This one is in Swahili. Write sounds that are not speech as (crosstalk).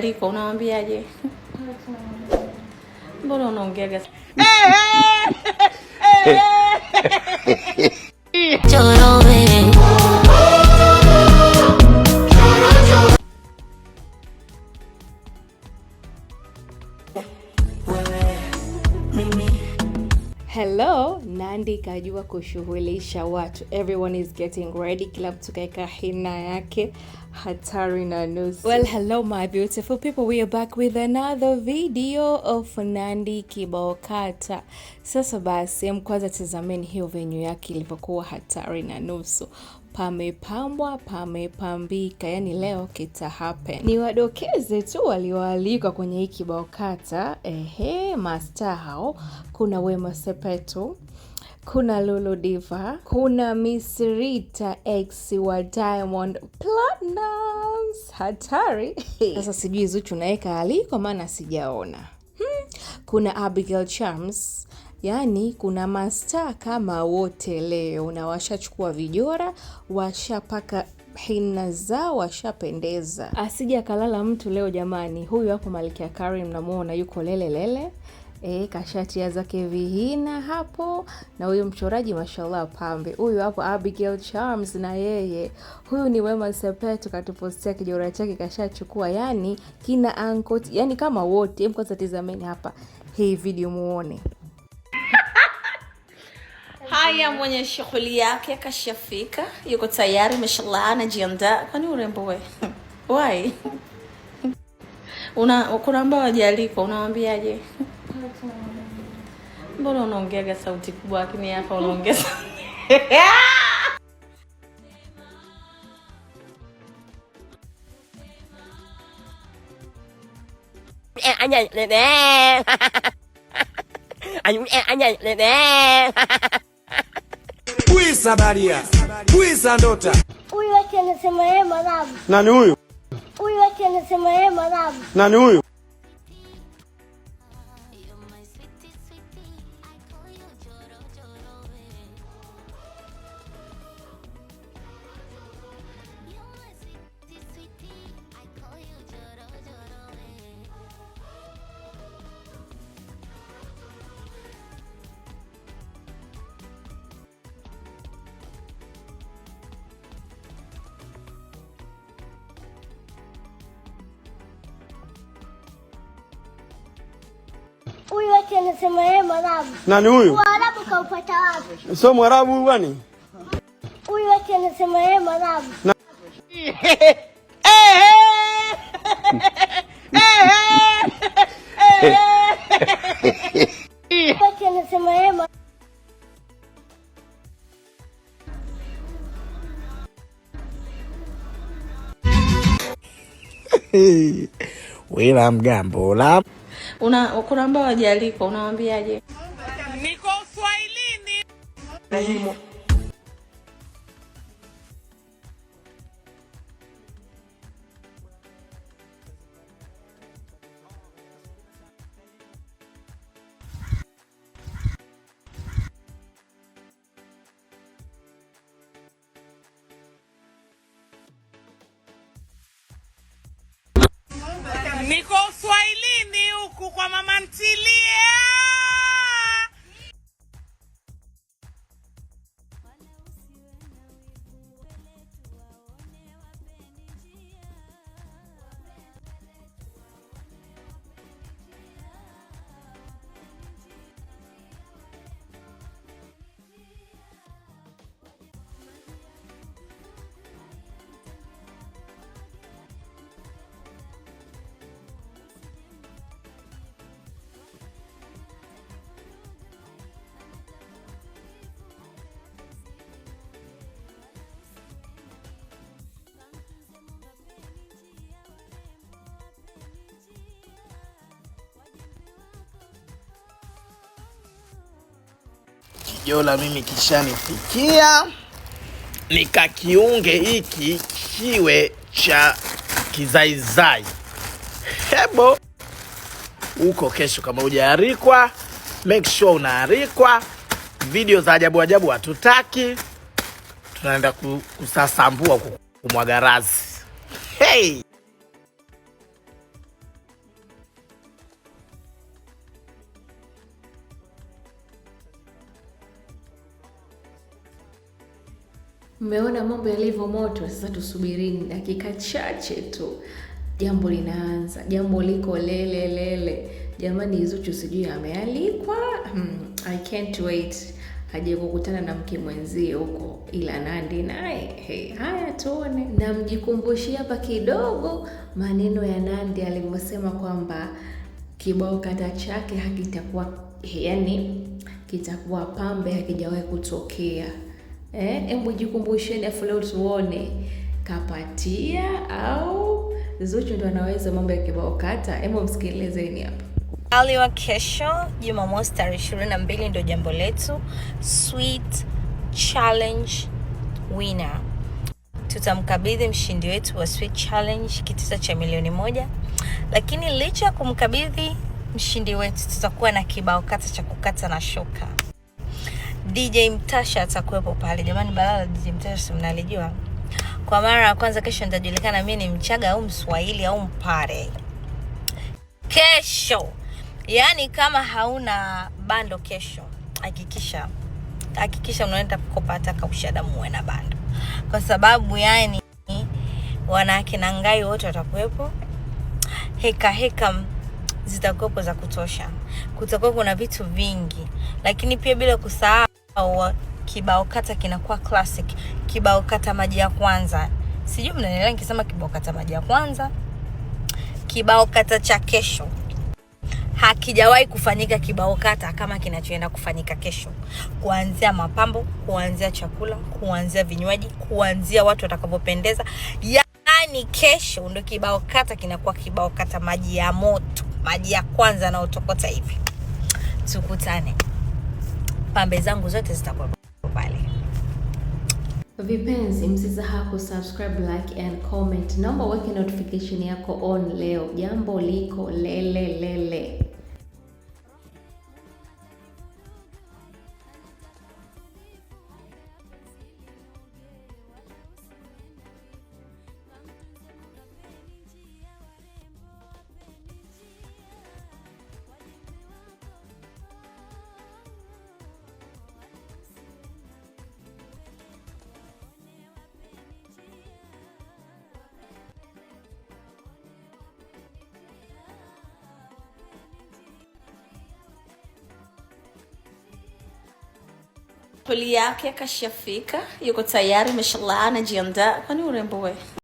no konağa bir ¡Eh, eh! ¡Eh, Bandi kajua kushughulisha watu. Everyone is getting ready, kila mtu kaeka hina yake hatari na nusu. Well, hello my beautiful people, we are back with another video of nandi Kibao Sasa basi, kwanza tazameni hiyo venyu yake ilivyokuwa hatari na nusu Pamepambwa, pamepambika, yani leo kita happen. Ni wadokeze tu walioalikwa kwenye hii kibao Ehe, masta hao kuna Wema Sepetu kuna Lulu Diva, kuna Miss Rita X wa Diamond Platnumz. Hatari (laughs) sasa. Sijui Zuchu naweka hali kwa maana sijaona. Hmm. Kuna Abigail Charms Yaani kuna masta kama wote leo, na washachukua vijora, washapaka hina zao, washapendeza. Asija ah, akalala mtu leo jamani. Huyu hapo Malkia Karim namwona yuko lelelele lele. E, kashatia zake vihina hapo, na huyu mchoraji mashallah pambe huyu hapo, Abigail Charms na yeye huyu ni Wema Sepetu, katupostia kijora chake kashachukua, yani kina ankot, yani kama wote. Kwanza tazameni hapa hii video muone. (laughs) Haya, mwenye shughuli yake kashafika, yuko tayari mashallah, anajiandaa. Kwani urembo we (laughs) (laughs) una kuna ambao wajalikwa, unawambiaje? Mbona unaongeaga sauti kubwa, lakini hapa unaongea Pwisa (laughs) ndota. Huyu yeye Nani huyu? Huyu yeye Nani huyu? Huyu wote anasema yeye Mwarabu. Nani huyu? Mwarabu kaupata wapi? Sio Mwarabu huyu bwana. Huyu wote anasema yeye Mwarabu. Wote anasema yeye Mwarabu. Wila mgambo la Una kuna ambao wajaliko unawaambiaje? Niko Uswahilini. Niko Swahilini huku kwa mama ntilie jola mimi kishanifikia, nikakiunge hiki kiwe cha kizaizai. Hebo huko kesho, kama ujaarikwa make sure unaarikwa Video za ajabu ajabu hatutaki, tunaenda kusasambua kumwagarazi razi. Hey! Mmeona mambo yalivyo moto. Sasa tusubirini dakika chache tu, jambo linaanza, jambo liko lele lele. Jamani, Zuchu sijui amealikwa. Hmm, I can't wait aje kukutana na mke mwenzie huko, ila nandi naye hey, haya tuone. Namjikumbushia hapa kidogo maneno ya nandi alivyosema kwamba kibao kata chake hakitakuwa, yani kitakuwa pambe, hakijawahi kutokea. Eh, hebu jikumbusheni, afu leo tuone Kapatia au Zuchu ndo anaweza mambo ya kibao kata. Hebu msikilizeni hapa. Ali wa kesho Jumamosi tarehe 22 ndio jambo letu Sweet Challenge winner. Tutamkabidhi mshindi wetu wa Sweet Challenge kitita cha milioni moja, lakini licha ya kumkabidhi mshindi wetu, tutakuwa na kibao kata cha kukata na shoka. DJ Mtasha atakuwepo pale jamani, balala DJ Mtasha, si mnalijua. Kwa mara ya kwanza kesho nitajulikana mimi ni Mchaga au Mswahili au Mpare kesho. Yaani kama hauna bando kesho, hakikisha hakikisha unaenda kukopa hata kaushada, muwe na bando, kwa sababu yani wanawake na ngai wote watakuwepo, heka heka zitakuwepo za kutosha. Kutakuwa kuna vitu vingi, lakini pia bila kusahau au kibao kata kinakuwa classic, kibao kata maji ya kwanza. Sijui mnanielewa nikisema kibao kata maji ya kwanza, kibao kata cha kesho hakijawahi kufanyika kibao kata kama kinachoenda kufanyika kesho, kuanzia mapambo, kuanzia chakula, kuanzia vinywaji, kuanzia watu watakavyopendeza. Yaani kesho ndio kibao kata kinakuwa kibao kata maji ya moto, maji ya kwanza yanayotokota hivi. Tukutane pambe zangu zote zitakuwa pale. Vipenzi, msisahau kusubscribe, like and comment. Naomba uweke notification yako on leo. Jambo liko lelelele lele. Poli yake kashafika, yuko tayari, mashallah, anajiandaa. Kwani urembo wewe